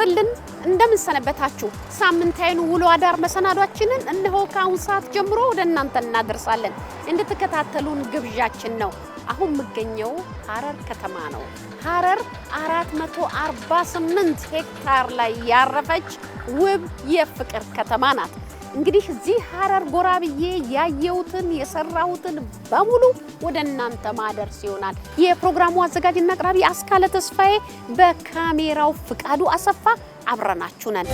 ይስጥልን እንደምንሰነበታችሁ። ሳምንታዊን ውሎ አዳር መሰናዷችንን እነሆ ከአሁን ሰዓት ጀምሮ ወደ እናንተ እናደርሳለን። እንድትከታተሉን ግብዣችን ነው። አሁን የምገኘው ሀረር ከተማ ነው። ሀረር 448 ሄክታር ላይ ያረፈች ውብ የፍቅር ከተማ ናት። እንግዲህ እዚህ ሀረር ጎራ ብዬ ያየሁትን የሰራሁትን በሙሉ ወደ እናንተ ማደርስ ይሆናል። የፕሮግራሙ አዘጋጅና አቅራቢ አስካለ ተስፋዬ፣ በካሜራው ፍቃዱ አሰፋ አብረናችሁ ነን።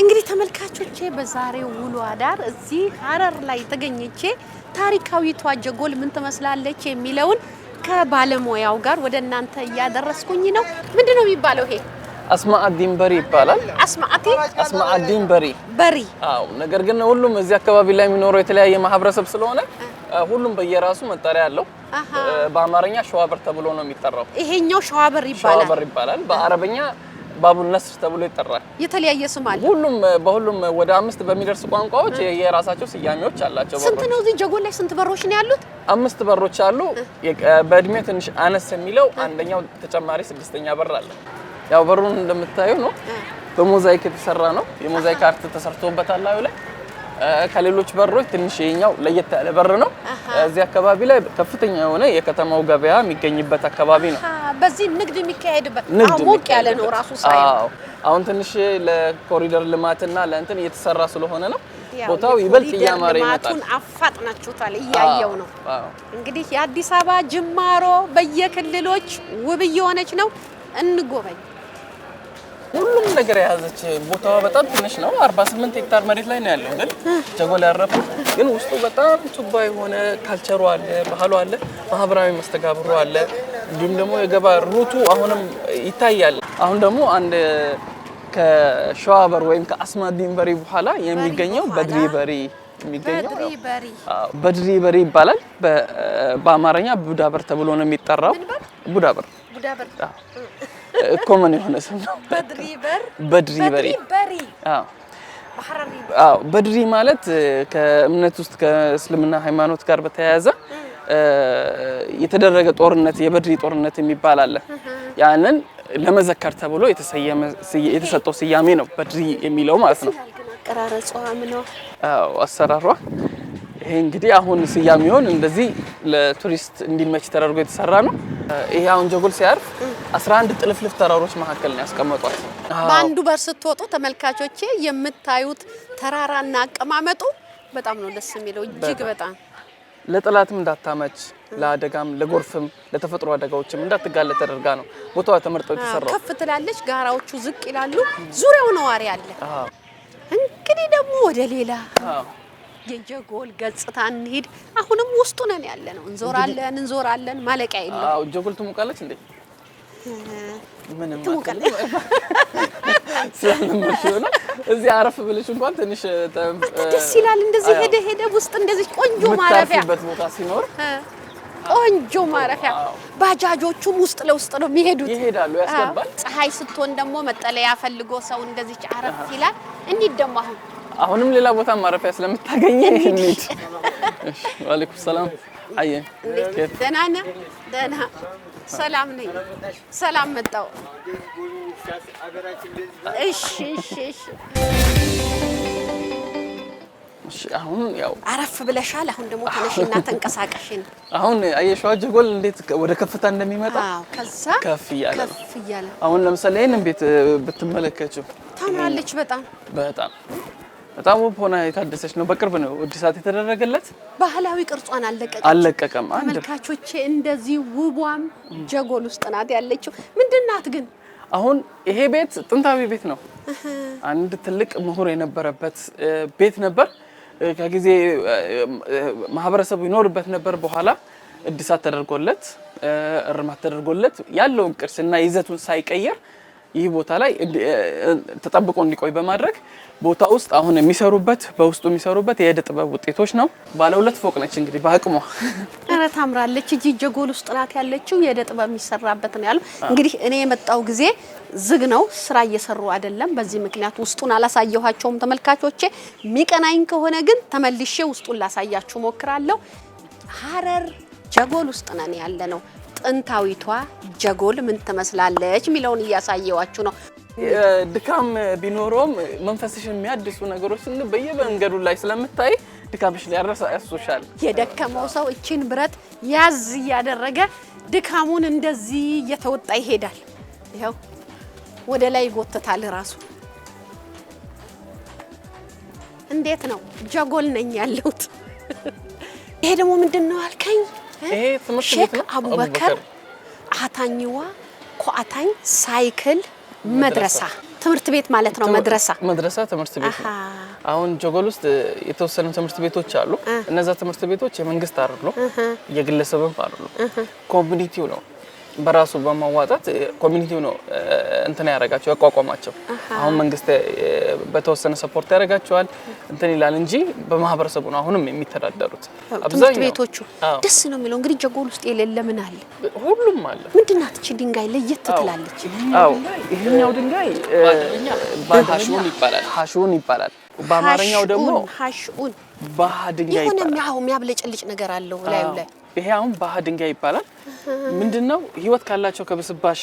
እንግዲህ ተመልካቾቼ በዛሬው ውሎ አዳር እዚህ ሀረር ላይ ተገኝቼ ታሪካዊቷ ጀጎል ምን ትመስላለች የሚለውን ከባለሙያው ጋር ወደ እናንተ እያደረስኩኝ ነው። ምንድን ነው የሚባለው ይሄ አስማአዲን በሪ ይባላል። አስማአዲን በሪ በሪ። አዎ። ነገር ግን ሁሉም እዚህ አካባቢ ላይ የሚኖረው የተለያየ ማህበረሰብ ስለሆነ ሁሉም በየራሱ መጠሪያ አለው። በአማርኛ ሸዋበር ተብሎ ነው የሚጠራው። ይሄኛው ሸዋበር ይባላል። ሸዋበር ይባላል። በአረበኛ ባቡል ነስር ተብሎ ይጠራል። የተለያየ ስም አለ። ሁሉም በሁሉም ወደ አምስት በሚደርስ ቋንቋዎች የራሳቸው ስያሜዎች አላቸው። ስንት ነው እዚህ ጀጎል ላይ ስንት በሮች ነው ያሉት? አምስት በሮች አሉ። በእድሜ ትንሽ አነስ የሚለው አንደኛው ተጨማሪ ስድስተኛ በር አለ። ያው በሩን እንደምታዩ ነው። በሞዛይክ የተሰራ ነው። የሞዛይክ አርት ተሰርቶበታል አዩ ላይ ከሌሎች በሮች ትንሽ ይኸኛው ለየት ያለ በር ነው። እዚህ አካባቢ ላይ ከፍተኛ የሆነ የከተማው ገበያ የሚገኝበት አካባቢ ነው። በዚህ ንግድ የሚካሄድበት ሞቅ ያለ ነው ራሱ አሁን ትንሽ ለኮሪደር ልማትና ለእንትን እየተሰራ ስለሆነ ነው ቦታው ይበልጥ እያማረ ይመጣል። አፋጥናችሁታል፣ እያየው ነው። እንግዲህ የአዲስ አበባ ጅማሮ በየክልሎች ውብ እየሆነች ነው። እንጎበኝ ሁሉም ነገር የያዘች ቦታዋ በጣም ትንሽ ነው። 48 ሄክታር መሬት ላይ ነው ያለው፣ ግን ጀጎል ያረፈው ግን ውስጡ በጣም ቱባ የሆነ ካልቸሩ አለ፣ ባህሉ አለ፣ ማህበራዊ መስተጋብሩ አለ። እንዲሁም ደግሞ የገባ ሩቱ አሁንም ይታያል። አሁን ደግሞ አንድ ከሸዋበር ወይም ከአስማት በሪ በኋላ የሚገኘው በድሪ በሪ የሚገኘው በድሪ በሪ ይባላል። በአማርኛ ቡዳበር ተብሎ ነው የሚጠራው። ቡዳበር ኮመን የሆነ ስም ነው። በድሪ በሪ በድሪ ማለት ከእምነት ውስጥ ከእስልምና ሃይማኖት ጋር በተያያዘ የተደረገ ጦርነት የበድሪ ጦርነት የሚባል አለ። ያንን ለመዘከር ተብሎ የተሰጠው ስያሜ ነው በድሪ የሚለው ማለት ነው። አሰራሯ ይሄ እንግዲህ አሁን ስያሜውን እንደዚህ ለቱሪስት እንዲመች ተደርጎ የተሰራ ነው። ይሄ አሁን ጀጎል ሲያርፍ 11 ጥልፍልፍ ተራሮች መካከል ነው ያስቀመጧል። በአንዱ በር ስትወጡ ተመልካቾቼ የምታዩት ተራራና አቀማመጡ በጣም ነው ደስ የሚለው። እጅግ በጣም ለጠላትም እንዳታመች ለአደጋም ለጎርፍም ለተፈጥሮ አደጋዎችም እንዳትጋለ ተደርጋ ነው ቦታዋ ተመርጠው የተሰራው። ከፍ ትላለች፣ ጋራዎቹ ዝቅ ይላሉ፣ ዙሪያው ነዋሪ አለ። እንግዲህ ደግሞ ወደ ሌላ የጀጎል ገጽታ እንሂድ። አሁንም ውስጡ ነን ያለ ነው። እንዞራለን እንዞራለን፣ ማለቂያ የለም። አዎ ጀጎል ትሞቃለች እንዴ? ምንም ትሞቃለች። እዚህ አረፍ ብለሽ እንኳን ትንሽ ደስ ይላል። እንደዚህ ሄደ ሄደ ውስጥ እንደዚህ ቆንጆ ማረፊያ ቦታ ሲኖር ቆንጆ ማረፊያ ባጃጆቹም ውስጥ ለውስጥ ነው የሚሄዱት፣ ይሄዳሉ፣ ያስገባል። ፀሐይ ስትሆን ደግሞ መጠለያ ፈልጎ ሰው እንደዚህ አረፍ ይላል። ደግሞ አሁን አሁንም ሌላ ቦታ ማረፊያ ስለምታገኝ እንሂድ። ዋሌኩም ሰላም። አየ ደህና ነህ? ደህና ሰላም ነኝ። ሰላም መጣው። እሺ፣ እሺ፣ እሺ። አሁን ያው አረፍ ብለሻል። አሁን ደግሞ ተነሽና ተንቀሳቀሽ። አሁን አየሽዋ ጀጎል እንዴት ወደ ከፍታ እንደሚመጣ ከዛ ከፍ እያለ አሁን ለምሳሌ ይሄንን ቤት ብትመለከችው ታምራለች። በጣም በጣም በጣም ውብ ሆና የታደሰች ነው። በቅርብ ነው እድሳት የተደረገለት። ባህላዊ ቅርጿን አልለቀቀም አልለቀቀም። ተመልካቾቼ እንደዚህ ውቧም ጀጎል ውስጥ ናት ያለችው። ምንድን ናት ግን? አሁን ይሄ ቤት ጥንታዊ ቤት ነው። አንድ ትልቅ ምሁር የነበረበት ቤት ነበር። ከጊዜ ማህበረሰቡ ይኖርበት ነበር። በኋላ እድሳት ተደርጎለት እርማት ተደርጎለት ያለውን ቅርስና ይዘቱን ሳይቀየር ይህ ቦታ ላይ ተጠብቆ እንዲቆይ በማድረግ ቦታ ውስጥ አሁን የሚሰሩበት በውስጡ የሚሰሩበት የእደ ጥበብ ውጤቶች ነው። ባለ ሁለት ፎቅ ነች እንግዲህ በአቅሟ ኧረ ታምራለች። ጂጀ ጎል ውስጥ ናት ያለችው የእደ ጥበብ የሚሰራበት ነው ያሉ። እንግዲህ እኔ የመጣው ጊዜ ዝግ ነው፣ ስራ እየሰሩ አይደለም። በዚህ ምክንያት ውስጡን አላሳየኋቸውም ተመልካቾቼ። የሚቀናኝ ከሆነ ግን ተመልሼ ውስጡን ላሳያችሁ ሞክራለሁ። ሀረር ጀጎል ውስጥ ነን ያለ ነው። ጥንታዊቷ ጀጎል ምን ትመስላለች የሚለውን እያሳየዋችሁ ነው። ድካም ቢኖረውም መንፈስሽን የሚያድሱ ነገሮች በየመንገዱ ላይ ስለምታይ ድካምሽ ሊያረሳ ያሶሻል። የደከመው ሰው እችን ብረት ያዝ እያደረገ ድካሙን እንደዚህ እየተወጣ ይሄዳል። ይኸው ወደ ላይ ይጎትታል ራሱ። እንዴት ነው ጀጎል ነኝ ያለሁት። ይሄ ደግሞ ምንድን ነው አልከኝ? ሼክ አቡበከር አታኝዋ ኮአታኝ ሳይክል መድረሳ ትምህርት ቤት ማለት ነው። መድረሳ መድረሳ ትምህርት ቤት ነው። አሁን ጀጎል ውስጥ የተወሰኑ ትምህርት ቤቶች አሉ። እነዛ ትምህርት ቤቶች የመንግስት አይደሉም፣ የግለሰብም አይደሉም፣ ኮሚኒቲው ነው በራሱ በማዋጣት ኮሚኒቲው ነው እንትን ያደረጋቸው ያቋቋማቸው። አሁን መንግስት በተወሰነ ሰፖርት ያደርጋቸዋል እንትን ይላል እንጂ በማህበረሰቡ ነው አሁንም የሚተዳደሩት። ትምህርት ቤቶቹ ደስ ነው የሚለው እንግዲህ ጀጎል ውስጥ የሌለ ምን አለ? ሁሉም አለ። ምንድናት እቺ ድንጋይ ለየት ትላለች። አዎ ይሄኛው ድንጋይ ባዳሹን ይባላል፣ ሀሹን ይባላል። በአማርኛው ደግሞ ሀሹን ባህ ድንጋይ ይባላል። የሆነ የሚያብለጨልጭ ነገር አለው ላዩ ላይ ይሄ አሁን ባህ ድንጋይ ይባላል። ምንድነው ህይወት ካላቸው ከብስባሽ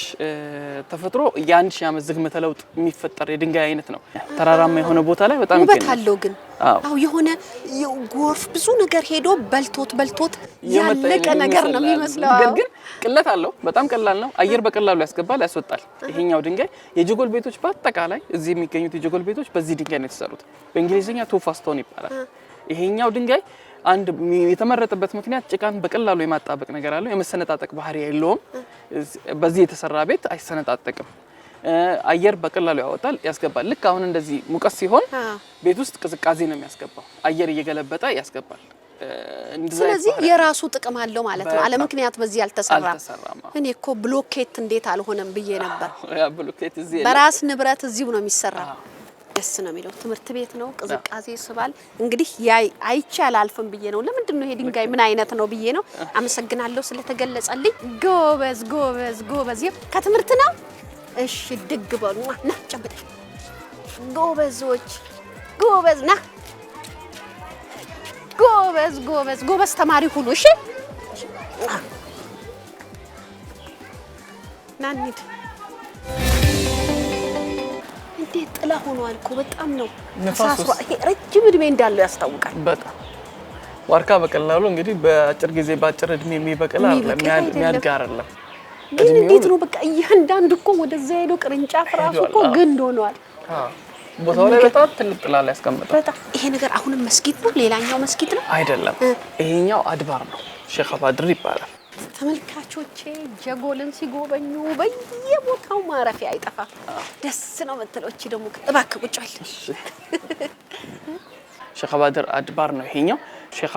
ተፈጥሮ የአንድ ሺህ ዓመት ዝግመተ ለውጥ የሚፈጠር የድንጋይ አይነት ነው። ተራራማ የሆነ ቦታ ላይ በጣም ውበት አለው። ግን አዎ የሆነ ጎርፍ ብዙ ነገር ሄዶ በልቶት በልቶት ያለቀ ነገር ነው የሚመስለው። ግን ቅለት አለው። በጣም ቀላል ነው። አየር በቀላሉ ያስገባል፣ ያስወጣል። ይሄኛው ድንጋይ የጀጎል ቤቶች በአጠቃላይ እዚህ የሚገኙት የጀጎል ቤቶች በዚህ ድንጋይ ነው የተሰሩት። በእንግሊዝኛ ቱፋስቶን ይባላል ይሄኛው ድንጋይ አንድ የተመረጠበት ምክንያት ጭቃን በቀላሉ የማጣበቅ ነገር አለው። የመሰነጣጠቅ ባህሪ የለውም። በዚህ የተሰራ ቤት አይሰነጣጠቅም። አየር በቀላሉ ያወጣል፣ ያስገባል። ልክ አሁን እንደዚህ ሙቀት ሲሆን ቤት ውስጥ ቅዝቃዜ ነው የሚያስገባው። አየር እየገለበጠ ያስገባል። ስለዚህ የራሱ ጥቅም አለው ማለት ነው። አለ ምክንያት በዚህ አልተሰራም። እኔ እኮ ብሎኬት እንዴት አልሆነም ብዬ ነበር። በራስ ንብረት እዚሁ ነው የሚሰራው። ደስ ነው የሚለው። ትምህርት ቤት ነው፣ ቅዝቃዜ ይስባል። እንግዲህ አይቼ አላልፍም ብዬ ነው። ለምንድን ነው ይሄ ድንጋይ ምን አይነት ነው ብዬ ነው። አመሰግናለሁ ስለተገለጸልኝ። ጎበዝ ጎበዝ ጎበዝ። ከትምህርት ነው። እሺ ድግ በሉ ና ጨብጠኝ። ጎበዞች ጎበዝ ና ጎበዝ ጎበዝ ጎበዝ ተማሪ ሁሉ እሺ ና እንሂድ እንዴት ጥላ ሆኗል እኮ በጣም ነው። ረጅም እድሜ እንዳለው ያስታውቃል። በጣም ዋርካ በቀላሉ እንግዲህ በአጭር ጊዜ በአጭር እድሜ የሚበቅል የሚያድግ አይደለም። ግን እንዴት ነው በቃ እያንዳንዱ እኮ ወደዛ ሄዶ ቅርንጫፍ ራሱ እኮ ግንድ ሆነዋል። ቦታው ላይ በጣም ትልቅ ጥላ ላይ ያስቀምጣል። ይሄ ነገር አሁንም መስጊድ ነው፣ ሌላኛው መስጊድ ነው አይደለም። ይሄኛው አድባር ነው፣ ሼክ አባድር ይባላል። ተመልካቾቼ ጀጎልን ሲጎበኙ በየቦታው ማረፊያ አይጠፋም። ደስ ነው መተሎች ደሞ ደግሞ እባክህ ቁጭ ሼክ አድባር ነው ይሄኛው። ሼክ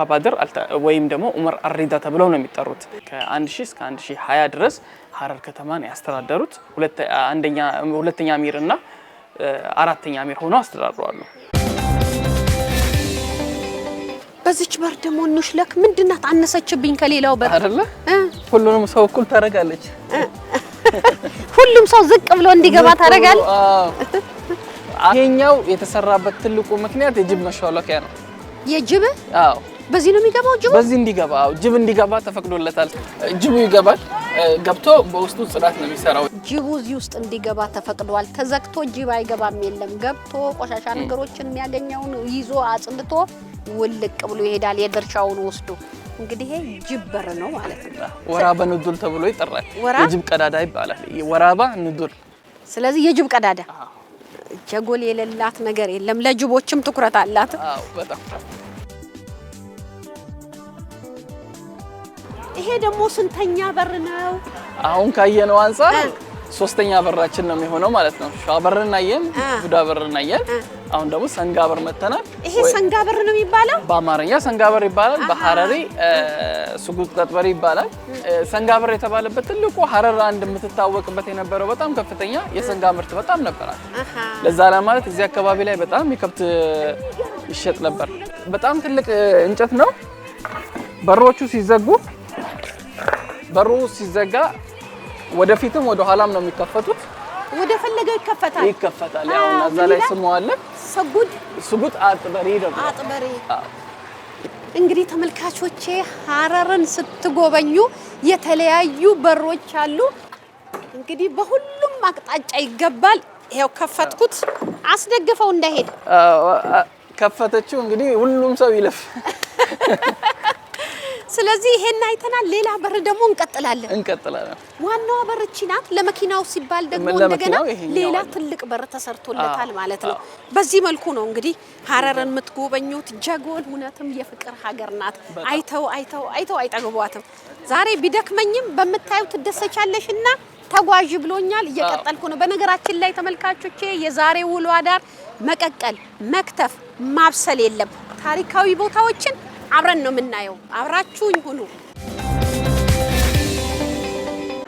ወይም ደግሞ ኡመር አሪዳ ተብለው ነው የሚጠሩት። ከ1000 እስከ 1020 ድረስ ሀረር ከተማን ያስተዳደሩት ሁለተኛ አሚር እና አራተኛ አሚር ሆነው አስተዳድረዋል። በዚች በር ደግሞ ለክ ምንድናት? አነሰችብኝ ከሌላው በር አይደለ? ሁሉንም ሰው እኩል ታደርጋለች። ሁሉም ሰው ዝቅ ብሎ እንዲገባ ታደርጋለች። ይሄኛው የተሰራበት ትልቁ ምክንያት የጅብ መሿለኪያ ነው። የጅብ አዎ፣ በዚህ ነው የሚገባው። ጅብ በዚህ እንዲገባ አዎ፣ ጅብ እንዲገባ ተፈቅዶለታል። ጅቡ ይገባል። ገብቶ በውስጡ ጽዳት ነው የሚሰራው። ጅቡ እዚህ ውስጥ እንዲገባ ተፈቅዷል። ተዘግቶ ጅብ አይገባም። የለም ገብቶ ቆሻሻ ነገሮችን የሚያገኘውን ይዞ አጽድቶ ውልቅ ብሎ ይሄዳል የድርሻውን ወስዶ። እንግዲህ ይሄ በር ነው ማለት ነው። ወራበ ንዱል ተብሎ ይጠራል። የጅብ ቀዳዳ ይባላል። ወራባ ንዱል። ስለዚህ የጅብ ቀዳዳ ጀጎል የሌላት ነገር የለም። ለጅቦችም ትኩረት አላት። በጣም ይሄ ደግሞ ስንተኛ በር ነው? አሁን ካየነው አንፃር ሶስተኛ በራችን ነው የሚሆነው ማለት ነው። ሸዋ በርን አየን፣ ቡዳ በርን አየን። አሁን ደግሞ ሰንጋ በር መተናል። ይሄ ሰንጋ በር ነው የሚባለው። በአማርኛ ሰንጋ በር ይባላል፣ በሀረሪ ሱጉት ቀጥበሪ ይባላል። ሰንጋ በር የተባለበት ትልቁ ሀረር አንድ የምትታወቅበት የነበረው በጣም ከፍተኛ የሰንጋ ምርት በጣም ነበራት። ለዛ ለማለት እዚህ አካባቢ ላይ በጣም የከብት ይሸጥ ነበር። በጣም ትልቅ እንጨት ነው። በሮቹ ሲዘጉ በሩ ሲዘጋ ወደፊትም ወደ ኋላም ነው የሚከፈቱት። ወደ ፈለገው ይከፈታል ይከፈታል። ያው እዛ ላይ ስሙ አለ ሰጉድ ሰጉድ አጥበሪ ደግሞ አጥበሪ። እንግዲህ ተመልካቾቼ ሀረርን ስትጎበኙ የተለያዩ በሮች አሉ። እንግዲህ በሁሉም አቅጣጫ ይገባል። ይሄው ከፈትኩት፣ አስደግፈው እንዳይሄድ ከፈተችው። እንግዲህ ሁሉም ሰው ይለፍ። ስለዚህ ይሄን አይተናል። ሌላ በር ደግሞ እንቀጥላለን እንቀጥላለን። ዋናዋ በር እቺ ናት። ለመኪናው ሲባል ደግሞ እንደገና ሌላ ትልቅ በር ተሰርቶለታል ማለት ነው። በዚህ መልኩ ነው እንግዲህ ሀረርን የምትጎበኙት። ጀጎል እውነትም የፍቅር ሀገር ናት። አይተው አይተው አይተው አይጠግቧትም። ዛሬ ቢደክመኝም በምታዩ ትደሰቻለሽ ተጓዥ ብሎኛል። እየቀጠልኩ ነው። በነገራችን ላይ ተመልካቾቼ የዛሬ ውሎ አዳር መቀቀል፣ መክተፍ፣ ማብሰል የለም ታሪካዊ ቦታዎችን አብረን ነው የምናየው። አብራችሁኝ ሁኑ።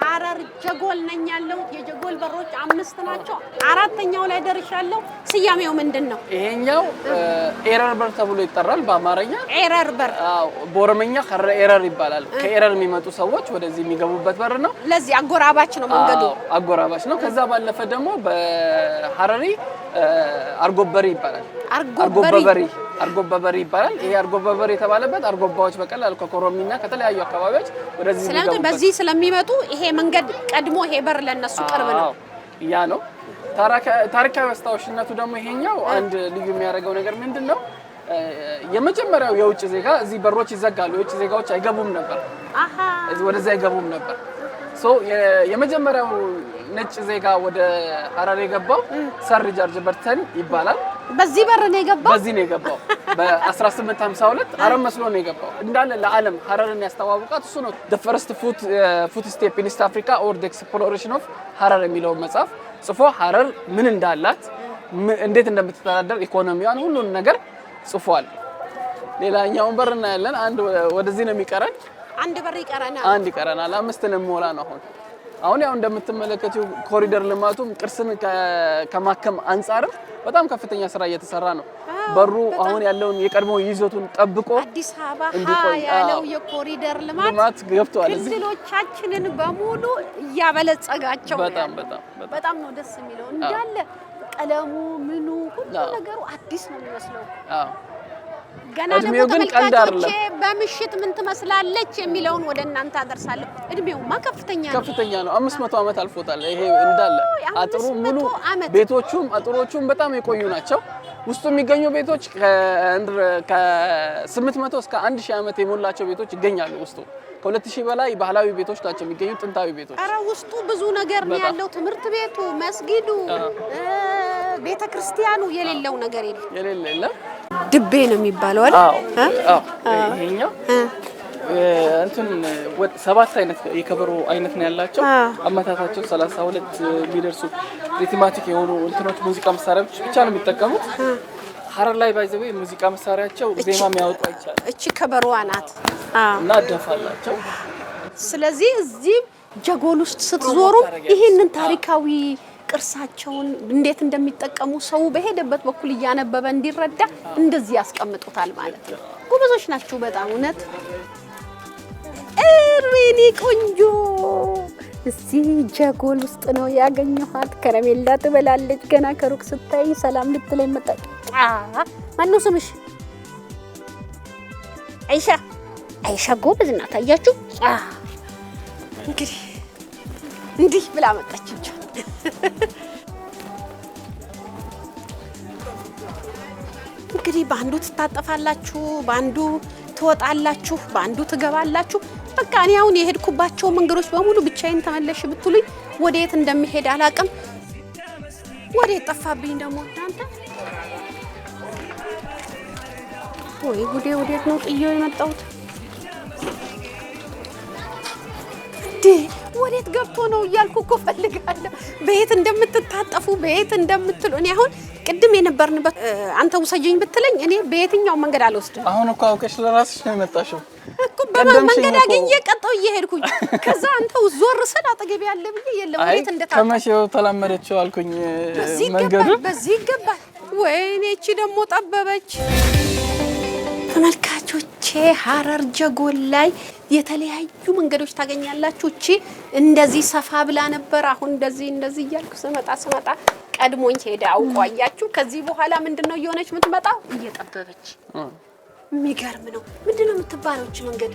ሀረር ጀጎል ነኝ ያለሁት። የጀጎል በሮች አምስት ናቸው። አራተኛው ላይ ደርሻለሁ። ስያሜው ምንድን ነው? ይሄኛው ኤረር በር ተብሎ ይጠራል በአማርኛ ኤረር በር። በኦሮምኛ ከረ ኤረር ይባላል። ከኤረር የሚመጡ ሰዎች ወደዚህ የሚገቡበት በር ነው። ለዚህ አጎራባች ነው መንገዱ፣ አጎራባች ነው። ከዛ ባለፈ ደግሞ በሀረሪ አርጎበሪ ይባላል። አርጎበሪ አርጎበበሪ ይባላል። ይሄ አርጎበበሪ የተባለበት አርጎባዎች በቀላሉ ከኮሮሚና ከተለያዩ አካባቢዎች ወደዚህ ስለሚመጡ ይሄ መንገድ ቀድሞ ይሄ በር ለነሱ ቅርብ ነው። ያ ነው ታሪካዊ አስታዋሽነቱ። ደግሞ ይሄኛው አንድ ልዩ የሚያደርገው ነገር ምንድን ነው? የመጀመሪያው የውጭ ዜጋ እዚህ በሮች ይዘጋሉ። የውጭ ዜጋዎች አይገቡም ነበር፣ ወደዚህ አይገቡም ነበር። የመጀመሪያው ነጭ ዜጋ ወደ ሀረር የገባው ሰር ጃርጅ በርተን ይባላል። በዚህ በር ነው የገባው። በዚህ ነው የገባው በ1852 አረብ መስሎ ነው የገባው። እንዳለ ለዓለም ሀረርን ያስተዋወቃት እሱ ነው። ደ ፈርስት ፉት ስቴፕ ኢን አፍሪካ ኦር ደ ኤክስፕሎሬሽን ኦፍ ሀረር የሚለውን መጽሐፍ ጽፎ ሀረር ምን እንዳላት እንዴት እንደምትተዳደር ኢኮኖሚዋን፣ ሁሉን ነገር ጽፏል። ሌላኛውን በር እናያለን። አንድ ወደዚህ ነው የሚቀረን። አንድ በር ይቀረናል። አንድ ይቀረናል። አምስትን ሞላ ነው አሁን አሁን ያው እንደምትመለከቱ ኮሪደር ልማቱም ቅርስን ከማከም አንጻርም በጣም ከፍተኛ ስራ እየተሰራ ነው። በሩ አሁን ያለውን የቀድሞ ይዘቱን ጠብቆ አዲስ አበባ ያለው የኮሪደር ልማት ገብቷል። ክልሎቻችንን በሙሉ እያበለጸጋቸው በጣም በጣም በጣም ነው ደስ የሚለው እንዳለ ቀለሙ ምኑ ሁሉ ነገሩ አዲስ ነው የሚመስለው። ገና ደግሞ ተመልካቾቼ በምሽት ምን ትመስላለች የሚለውን ወደ እናንተ አደርሳለሁ። እድሜውማ ከፍተኛ ነው፣ ከፍተኛ ነው። አምስት መቶ ዓመት አልፎታል። ይሄ እንዳለ አጥሩ ሙሉ ቤቶቹም አጥሮቹም በጣም የቆዩ ናቸው። ውስጡ የሚገኙ ቤቶች ከ800 እስከ 1000 ዓመት የሞላቸው ቤቶች ይገኛሉ። ውስጡ ከ2000 በላይ ባህላዊ ቤቶች ናቸው የሚገኙ ጥንታዊ ቤቶች። ኧረ ውስጡ ብዙ ነገር ነው ያለው። ትምህርት ቤቱ፣ መስጊዱ ቤተ ክርስቲያኑ የሌለው ነገር የለም። የሌለ ድቤ ነው የሚባለው አይደል? አዎ፣ ይሄኛው እንትን ሰባት አይነት የከበሮ አይነት ነው ያላቸው። አመታታቸው ሰላሳ ሁለት የሚደርሱ ሪትማቲክ የሆኑ እንትኖች ሙዚቃ መሳሪያዎች ብቻ ነው የሚጠቀሙት። ሀረር ላይ ባይዘው የሙዚቃ መሳሪያቸው ዜማ የሚያወጡ አይቻልም። እቺ ከበሮዋ ናት እና ደፍ ስለዚህ እዚህ ጀጎል ውስጥ ስትዞሩ ይህንን ታሪካዊ ቅርሳቸውን እንዴት እንደሚጠቀሙ ሰው በሄደበት በኩል እያነበበ እንዲረዳ እንደዚህ ያስቀምጡታል ማለት ነው። ጎበዞች ናችሁ በጣም እውነት። እሪኒ ቆንጆ እዚህ ጀጎል ውስጥ ነው ያገኘኋት። ከረሜላ ትበላለች። ገና ከሩቅ ስታይ ሰላም ልትለኝ መጣ። ማነው ስምሽ? አይሻ። አይሻ ጎበዝ እናታያችሁ እንግዲህ እንዲህ ብላ መጣች። እንግዲህ በአንዱ ትታጠፋላችሁ፣ በአንዱ ትወጣላችሁ፣ በአንዱ ትገባላችሁ። በቃ እኔ አሁን የሄድኩባቸው መንገዶች በሙሉ ብቻዬን ተመለሽ ብትሉኝ ወደ የት እንደሚሄድ አላቅም። ወደ የት ጠፋብኝ ደግሞ እናንተ። ወይ ጉዴ! ወዴት ነው ጥዬው የመጣሁት? ወዴት ገብቶ ነው እያልኩ እኮ ፈልጋለሁ። በየት እንደምትታጠፉ በየት እንደምትሉ እኔ አሁን ቅድም የነበርንበት አንተ ውሰጅኝ ብትለኝ እኔ በየትኛው መንገድ አልወስድም። አሁን እኮ አውቀሽ ለራስሽ ነው የመጣሽው እኮ በመንገድ አገኘ ቀጠው እየሄድኩኝ ከዛ አንተ ዞር ስል አጠገቤ ያለ ብዬ የለም ወዴት እንደታ ከመቼው ተላመደችው አልኩኝ። ይገባል በዚህ ይገባል። ወይኔ እቺ ደግሞ ጠበበች። ተመልካቾች ሀረር ጀጎል ላይ የተለያዩ መንገዶች ታገኛላችሁ። እቺ እንደዚህ ሰፋ ብላ ነበር። አሁን እንደዚህ እንደዚህ እያልኩ ስመጣ ስመጣ ቀድሞኝ ሄደ አውቋያችሁ ከዚህ በኋላ ምንድን ነው እየሆነች የምትመጣው? እየጠበበች የሚገርም ነው። ምንድን ነው የምትባለው እቺ መንገድ?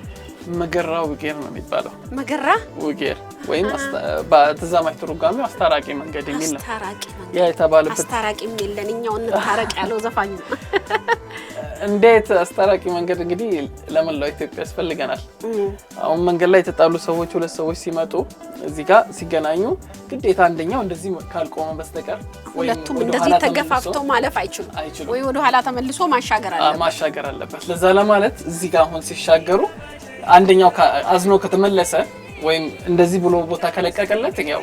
መገራ ውጌር ነው የሚባለው። መገራ ውጌር ወይም በተዛማጅ ትርጓሜው አስታራቂ መንገድ የሚል ነው። አስታራቂ መንገድ ያ የተባለበት አስታራቂ የሚለን እኛው እንታረቅ ያለው ዘፋኝ ነው። እንዴት አስታራቂ መንገድ እንግዲህ ለመላው ኢትዮጵያ ያስፈልገናል። አሁን መንገድ ላይ የተጣሉ ሰዎች ሁለት ሰዎች ሲመጡ እዚህ ጋር ሲገናኙ ግዴታ አንደኛው እንደዚህ ካልቆመ በስተቀር ሁለቱም እንደዚህ ተገፋፍተው ማለፍ አይችሉም፣ ወይ ወደኋላ ተመልሶ ማሻገር አለበት ማሻገር አለበት። ለዛ ለማለት እዚህ ጋር አሁን ሲሻገሩ አንደኛው አዝኖ ከተመለሰ ወይም እንደዚህ ብሎ ቦታ ከለቀቀለት ያው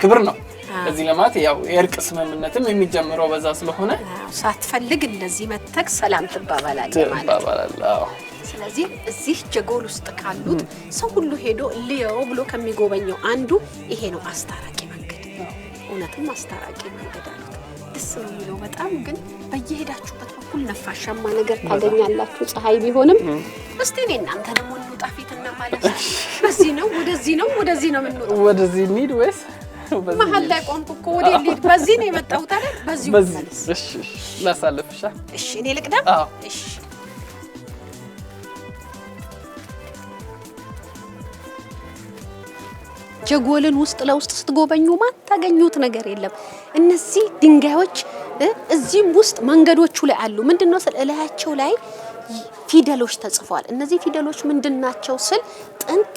ክብር ነው። እዚህ ለማለት ያው የእርቅ ስምምነትም የሚጀምረው በዛ ስለሆነ ሳትፈልግ እንደዚህ መተክ ሰላም ትባባላለህ ስለዚህ እዚህ ጀጎል ውስጥ ካሉት ሰው ሁሉ ሄዶ ልየው ብሎ ከሚጎበኘው አንዱ ይሄ ነው አስታራቂ መንገድ። እውነትም አስታራቂ መንገድ አሉት። ደስ ነው የሚለው በጣም ግን በየሄዳችሁበት በኩል ነፋሻማ ነገር ታገኛላችሁ፣ ፀሐይ ቢሆንም እስቲ እኔ እናንተ ደግሞ በዚህ ነው ወደዚህ ነው ወደዚህ ነው የምንወጣው። ወደዚህ እንሂድ ወይስ መሀል ላይ ቆምኩ እኮ ወደ ልሂድ። በዚህ ነው የመጣሁት አለ። በዚህ ላሳልፍሻ። እሺ እኔ ልቅደም። እሺ ጀጎልን ውስጥ ለውስጥ ስትጎበኙ ማታገኙት ነገር የለም። እነዚህ ድንጋዮች እዚህም ውስጥ መንገዶቹ ላይ አሉ። ምንድን ነው እላያቸው ላይ ፊደሎች ተጽፏል። እነዚህ ፊደሎች ምንድን ናቸው ስል ጥንት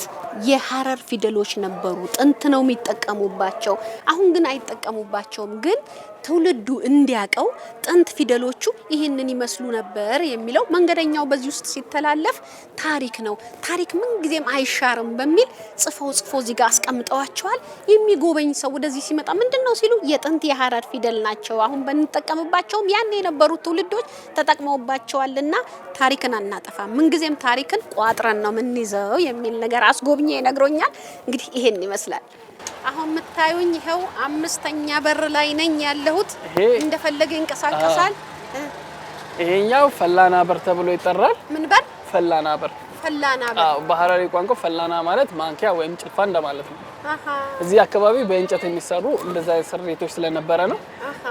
የሀረር ፊደሎች ነበሩ። ጥንት ነው የሚጠቀሙባቸው፣ አሁን ግን አይጠቀሙባቸውም። ግን ትውልዱ እንዲያቀው ጥንት ፊደሎቹ ይህንን ይመስሉ ነበር የሚለው መንገደኛው በዚህ ውስጥ ሲተላለፍ ታሪክ ነው፣ ታሪክ ምንጊዜም አይሻርም በሚል ጽፎ ጽፎ እዚህ ጋር አስቀምጠዋቸዋል። የሚጎበኝ ሰው ወደዚህ ሲመጣ ምንድን ነው ሲሉ የጥንት የሀረር ፊደል ናቸው፣ አሁን በንጠቀምባቸውም ያን የነበሩት ትውልዶች ተጠቅመውባቸዋልና ታሪክን አናጠፋም፣ ምንጊዜም ታሪክን ቋጥረን ነው ምንይዘው የሚል ነገር አስጎብኚ ይነግሮኛል። እንግዲህ ይሄን ይመስላል። አሁን የምታዩኝ ይኸው አምስተኛ በር ላይ ነኝ ያለሁት። እንደፈለገ ይንቀሳቀሳል። ይሄኛው ፈላና በር ተብሎ ይጠራል። ምን በር? ፈላና በር ፈላና በሀረሪ ቋንቋ ፈላና ማለት ማንኪያ ወይም ጭልፋ እንደማለት ነው። እዚህ አካባቢ በእንጨት የሚሰሩ እንደዛ ስሬቶች ስለነበረ ነው።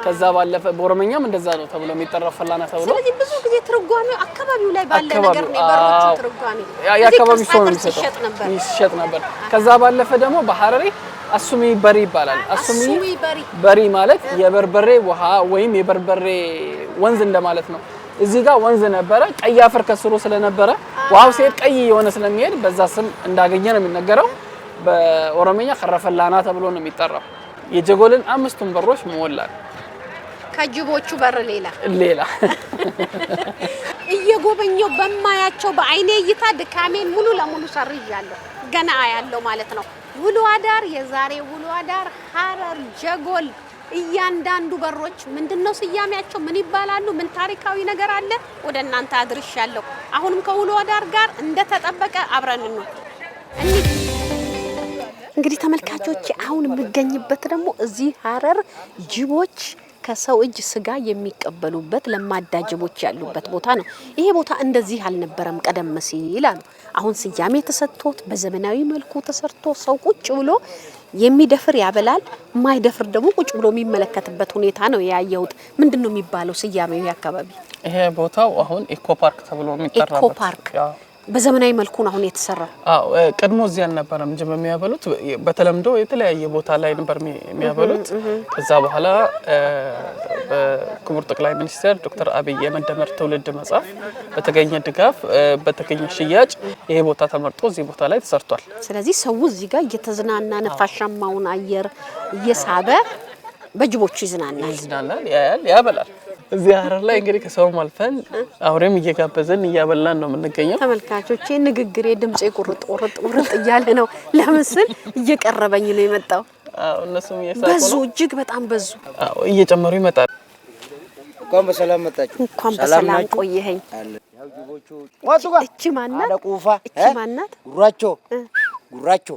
ከዛ ባለፈ በኦሮመኛም እንደዛ ነው ተብሎ የሚጠራው ፈላና ተብሎ። ስለዚህ ብዙ ጊዜ ትርጓሜው አካባቢው ላይ ባለ ነገር ነው። የበሮቹ ትርጓሜ የአካባቢው ሰው ነው የሚሸጥ ነበር። ከዛ ባለፈ ደግሞ በሀረሪ አሱሚ በሪ ይባላል። አሱሚ በሪ ማለት የበርበሬ ውሃ ወይም የበርበሬ ወንዝ እንደማለት ነው። እዚህ ጋር ወንዝ ነበረ። ቀይ አፈር ከስሩ ስለነበረ ውሃው ሲሄድ ቀይ የሆነ ስለሚሄድ በዛ ስም እንዳገኘ ነው የሚነገረው። በኦሮምኛ ከረፈላና ተብሎ ነው የሚጠራው። የጀጎልን አምስቱን በሮች መወላል ከጅቦቹ በር ሌላ ሌላ እየጎበኘው በማያቸው በአይኔ እይታ ድካሜን ሙሉ ለሙሉ ሰርዣለሁ። ገና ያለው ማለት ነው። ውሎ አዳር የዛሬ ውሎ አዳር ሀረር ጀጎል እያንዳንዱ በሮች ምንድን ነው ስያሜያቸው? ምን ይባላሉ? ምን ታሪካዊ ነገር አለ? ወደ እናንተ አድርሻለሁ። አሁንም ከውሎ አዳር ጋር እንደተጠበቀ አብረን ነው እንግዲህ ተመልካቾች፣ አሁን የምገኝበት ደግሞ እዚህ ሀረር ጅቦች ከሰው እጅ ስጋ የሚቀበሉበት ለማዳ ጅቦች ያሉበት ቦታ ነው። ይሄ ቦታ እንደዚህ አልነበረም ቀደም ሲል አሉ። አሁን ስያሜ ተሰጥቶት በዘመናዊ መልኩ ተሰርቶ ሰው ቁጭ ብሎ የሚደፍር ያበላል፣ ማይደፍር ደግሞ ቁጭ ብሎ የሚመለከትበት ሁኔታ ነው ያየሁት። ምንድን ነው የሚባለው ስያሜው አካባቢ? ይሄ ቦታው አሁን ኢኮፓርክ ተብሎ የሚጠራ ኢኮፓርክ በዘመናዊ መልኩ ነው አሁን የተሰራው። አዎ ቀድሞ እዚህ አልነበረም እንጂ የሚያበሉት በተለምዶ የተለያየ ቦታ ላይ ነበር የሚያበሉት። ከዛ በኋላ በክቡር ጠቅላይ ሚኒስትር ዶክተር አብይ የመደመር ትውልድ መጽሐፍ በተገኘ ድጋፍ በተገኘ ሽያጭ ይሄ ቦታ ተመርጦ እዚህ ቦታ ላይ ተሰርቷል። ስለዚህ ሰው እዚህ ጋር እየተዝናና ነፋሻማውን አየር እየሳበ በጅቦቹ ይዝናናል፣ ይዝናናል፣ ያያል፣ ያበላል። እዚህ ሀረር ላይ እንግዲህ ከሰውም አልፈን አውሬም እየጋበዘን እያበላን ነው የምንገኘው። ተመልካቾቼ ንግግሬ ድምጼ ቁርጥ ቁርጥ ቁርጥ እያለ ነው ለምስል እየቀረበኝ ነው የመጣው። እነሱም በዙ፣ እጅግ በጣም በዙ፣ እየጨመሩ ይመጣል። እንኳን በሰላም መጣችሁ። እንኳን በሰላም ቆየኸኝ። እቺ ማናት? እቺ ማናት? ጉራቾ ጉራቾ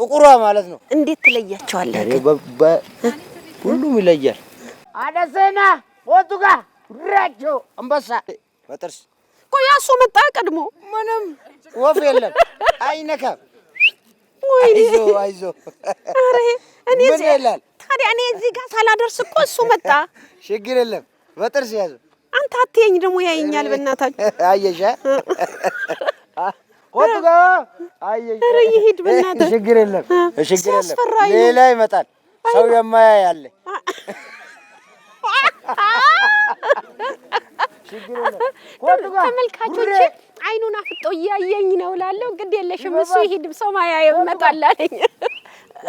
ጥቁሯ ማለት ነው። እንዴት ትለያቸዋለህ? ሁሉም ይለያል። አደሰና ወጡ ጋር ራቸው አንበሳ በጥርስ ቆይ፣ እሱ መጣ ቀድሞ። ምንም ወፍ የለም አይነካም። አይዞ አይዞ። ኧረ እኔ ታዲያ እኔ እዚህ ጋር ሳላደርስ እኮ እሱ መጣ። ችግር የለም በጥርስ ያዘው። አንተ አትየኝ ደግሞ ያየኛል። በእናታችሁ አየሽ፣ ወጡ ጋር አየሽ። ኧረ ይሂድ በእናትህ። ችግር የለም ችግር የለም። ሌላ ይመጣል ሰው የማያይ አለ ተመልካቾች አይኑን አፍጦ እያየኝ ነው እላለሁ። ግድ የለሽም እሱ ይሄድ ሰው ማያ ይመጣል አለኝ።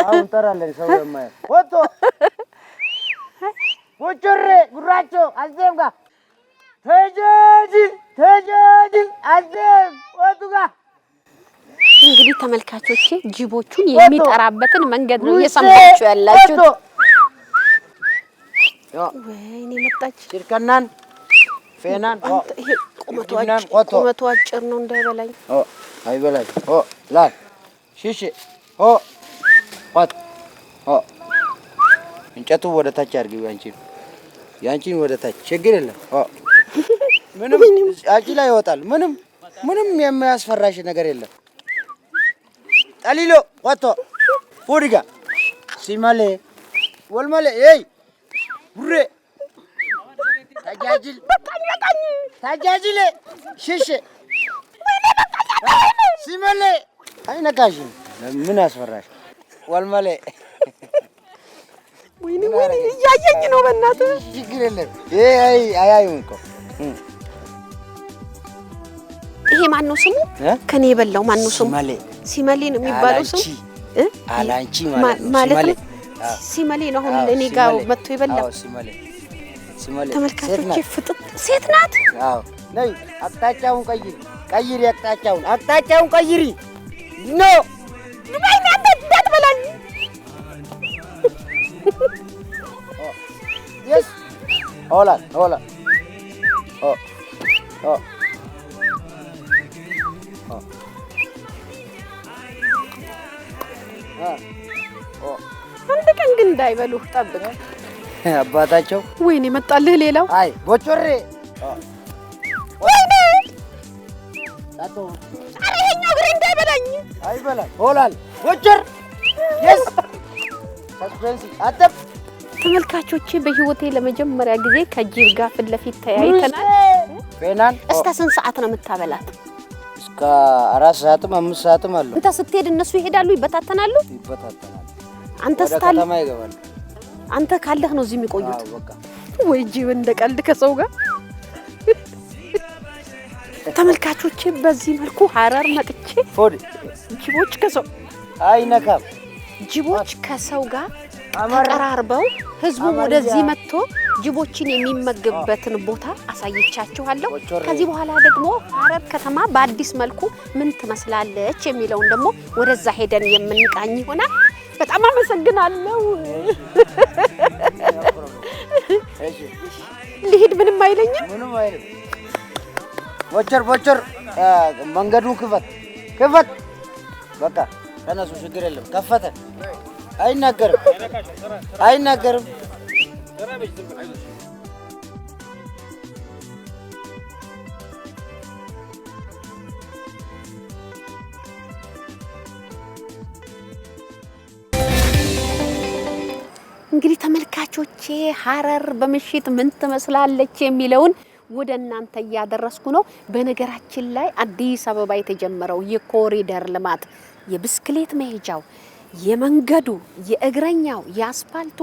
አሁን ጠራለኝ ሰው የማየው ወጥቶ ጉጭሬ ጉራቸው አዜም ጋር ተጃጅ ተጃጅ አዜም ወጡ ጋር እንግዲህ ተመልካቾቼ ጅቦቹን የሚጠራበትን መንገድ ነው እየሰማችሁ ያላችሁ። ወይኔ መጣች። ሽርከናን ፌናን ቁመቱ አጭር ነው እንዳይበላኝ። አይበላኝ ላል ሽሽ ት ወደ ታች አድርጊው። ያንቺን ያንቺን ወደ ታች ችግር የለም። ምንም አጭ ላይ ይወጣል። ምንም ምንም የሚያስፈራሽ ነገር የለም። ጠሊሎ ወጥቶ ፉድጋ ሲመሌ ወልመሌ ይ ሁሬ ታጃጅል ታጃጅል ሽሽ ሲመሌ አይነካሽ ምን አስፈራሽ? ወልመሌ ወይኔ ወይኔ እያየኝ ነው። በእናትህ ችግር የለም። አይ አያዩም እኮ ይሄ ማነው ስሙ? ከኔ የበላው ማነው ስሙ? ሲመሌ ነው የሚባለው ስሙ አላንቺ ማለት ነው። ሲመሌ ነው አሁን እኔ ጋር መጥቶ የበላው ተመልካቾች። ፍጥጥ ሴት ናት። ነይ አቅጣጫውን ቀይሪ፣ ቀይሪ አቅጣጫውን፣ አቅጣጫውን ቀይሪ። ኖ ግን እንዳይበሉ ጠብቅ። አባታቸው ወይኔ መጣልህ። ሌላው አይ ቦቾሬ ወይኔ ኧረ ይኸኛው እግሬ እንዳይበላኝ። አይበላል ሆላል ቦቾር የስ ሰስፔንስ አጠብ ተመልካቾቼ በህይወቴ ለመጀመሪያ ጊዜ ከጅብ ጋር ፊት ለፊት ተያይተናል። እስከ ስንት ሰዓት ነው የምታበላት? እስከ አራት ሰዓትም አምስት ሰዓትም አለ። እንታ ስትሄድ እነሱ ይሄዳሉ፣ ይበታተናሉ፣ ይበታተናሉ። አንተ ስታል አንተ ካለህ ነው እዚህ የሚቆዩት። ወይ ጅብ እንደ ቀልድ ከሰው ጋር ተመልካቾቼ፣ በዚህ መልኩ ሀረር መጥቼ ጅቦች ከሰው አይነካም። ጅቦች ከሰው ጋር ተቀራርበው ህዝቡ ወደዚህ መጥቶ ጅቦችን የሚመገብበትን ቦታ አሳይቻችኋለሁ። ከዚህ በኋላ ደግሞ ሀረር ከተማ በአዲስ መልኩ ምን ትመስላለች የሚለውን ደግሞ ወደዛ ሄደን የምንቃኝ ይሆናል። በጣም አመሰግናለሁ። ልሂድ። ምንም አይለኝም። ቦቸር ቦቸር፣ መንገዱን ክፈት ክፈት። በቃ ተነሱ፣ ችግር የለም። ከፈተ አይናገርም፣ አይናገርም እንግዲህ ተመልካቾቼ ሀረር በምሽት ምን ትመስላለች የሚለውን ወደ እናንተ እያደረስኩ ነው። በነገራችን ላይ አዲስ አበባ የተጀመረው የኮሪደር ልማት የብስክሌት መሄጃው የመንገዱ፣ የእግረኛው፣ የአስፓልቱ፣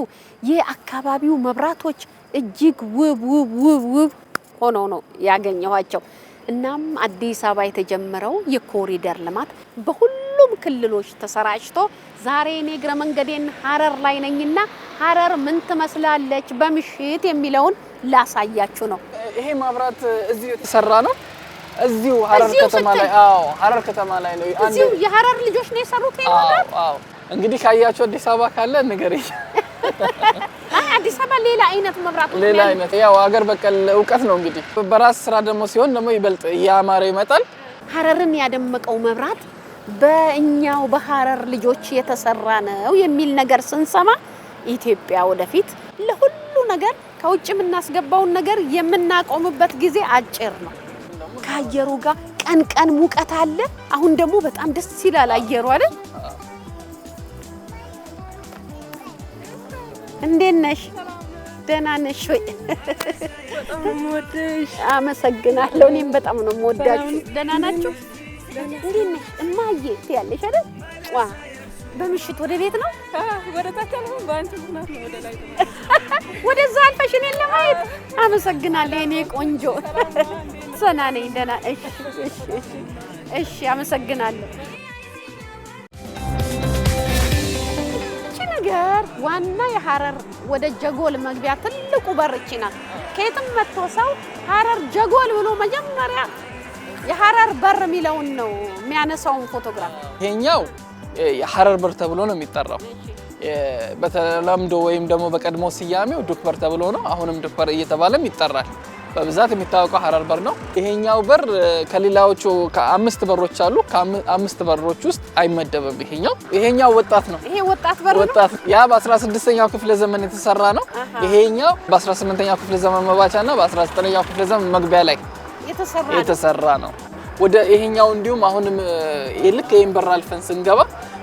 የአካባቢው መብራቶች እጅግ ውብ ውብ ውብ ውብ ሆነው ነው ያገኘኋቸው። እናም አዲስ አበባ የተጀመረው የኮሪደር ልማት በሁሉም ክልሎች ተሰራጭቶ ዛሬ እኔ እግረ መንገዴን ሀረር ላይ ነኝና ሀረር ምን ትመስላለች በምሽት የሚለውን ላሳያችሁ ነው። ይሄ መብራት እዚሁ የተሰራ ነው። እዚሁ ሀረር ከተማ ላይ። ነው። የሀረር ልጆች ነው የሰሩት። እንግዲህ ካያችሁ አዲስ አበባ ካለ ንገረኝ። አዲስ አበባ ሌላ አይነት መብራት፣ ሌላ አይነት ያው ሀገር በቀል እውቀት ነው። እንግዲህ በራስ ስራ ደግሞ ሲሆን ደግሞ ይበልጥ እያማረ ይመጣል። ሀረርን ያደመቀው መብራት በእኛው በሀረር ልጆች የተሰራ ነው የሚል ነገር ስንሰማ ኢትዮጵያ ወደፊት ለሁሉ ነገር ከውጭ የምናስገባውን ነገር የምናቆምበት ጊዜ አጭር ነው። ከአየሩ ጋር ቀን ቀን ሙቀት አለ። አሁን ደግሞ በጣም ደስ ይላል አየሩ አይደል? እንዴት ነሽ? ደህና ነሽ ወይ? አመሰግናለሁ። እኔም በጣም ነው የምወዳችሁ። ደህና ናችሁ? እንዴት ነሽ እማዬ ትያለሽ አይደል? ዋ በምሽት ወደ ቤት ነው ወደ ታች አልሆን በአንቺ ምክንያት ነው ወደ ላይ ነው ወደዛ አልፈሽ እኔን ለማየት። አመሰግናለሁ የኔ ቆንጆ። ሰና ነኝ ደህና። እሺ እሺ እሺ። አመሰግናለሁ። ነገር ዋና የሐረር ወደ ጀጎል መግቢያ ትልቁ በር ይቺ ናት። ከየትም መጥቶ ሰው ሀረር ጀጎል ብሎ መጀመሪያ የሀረር በር የሚለውን ነው የሚያነሳውን ፎቶግራፍ። ይሄኛው የሀረር በር ተብሎ ነው የሚጠራው በተለምዶ ወይም ደግሞ በቀድሞ ስያሜው ዱክ በር ተብሎ ነው። አሁንም ዱክበር እየተባለም ይጠራል። በብዛት የሚታወቀው ሀረር በር ነው። ይሄኛው በር ከሌላዎቹ ከአምስት በሮች አሉ። ከአምስት በሮች ውስጥ አይመደብም። ይሄኛው ይሄኛው ወጣት ነው። ይሄ ወጣት በር ወጣት ያ በ16ኛው ክፍለ ዘመን የተሰራ ነው። ይሄኛው በ18ኛው ክፍለ ዘመን መባቻ እና በ19ኛው ክፍለ ዘመን መግቢያ ላይ የተሰራ ነው። ወደ ይሄኛው እንዲሁም አሁንም ልክ ይህን በር አልፈን ስንገባ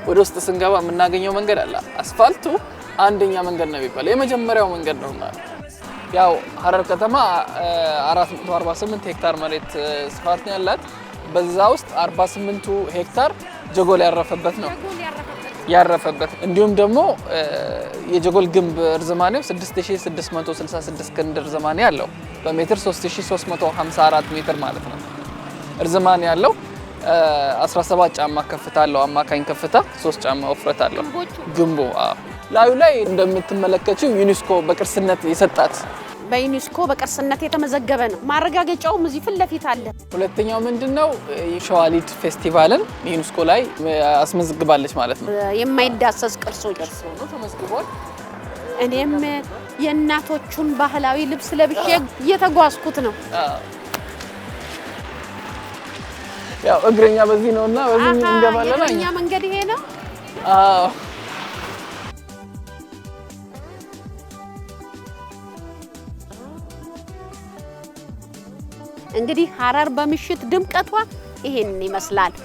ወደ ውስጥ ስንገባ የምናገኘው መንገድ አለ። አስፋልቱ አንደኛ መንገድ ነው የሚባለው የመጀመሪያው መንገድ ነው ማለት ያው ሀረር ከተማ 448 ሄክታር መሬት ስፋት ነው ያላት። በዛ ውስጥ 48ቱ ሄክታር ጀጎል ያረፈበት ነው ያረፈበት እንዲሁም ደግሞ የጀጎል ግንብ እርዝማኔው 6666 ክንድ እርዝማኔ አለው። በሜትር 3354 ሜትር ማለት ነው እርዝማኔ ያለው 17 ጫማ ከፍታ አለው። አማካኝ ከፍታ 3 ጫማ ውፍረት አለው ግንቡ ላዩ ላይ እንደምትመለከችው ዩኒስኮ በቅርስነት የሰጣት በዩኒስኮ በቅርስነት የተመዘገበ ነው። ማረጋገጫውም እዚህ ፊት ለፊት አለ። ሁለተኛው ምንድን ነው? የሸዋሊት ፌስቲቫልን ዩኒስኮ ላይ አስመዝግባለች ማለት ነው። የማይዳሰስ ቅርሶች ተመዝግቧል። እኔም የእናቶቹን ባህላዊ ልብስ ለብሼ እየተጓዝኩት ነው። ያው እግረኛ በዚህ ነው እና በዚህ እንገባለን። እግረኛ መንገድ ይሄ ነው። እንግዲህ ሀረር በምሽት ድምቀቷ ይህን ይመስላል።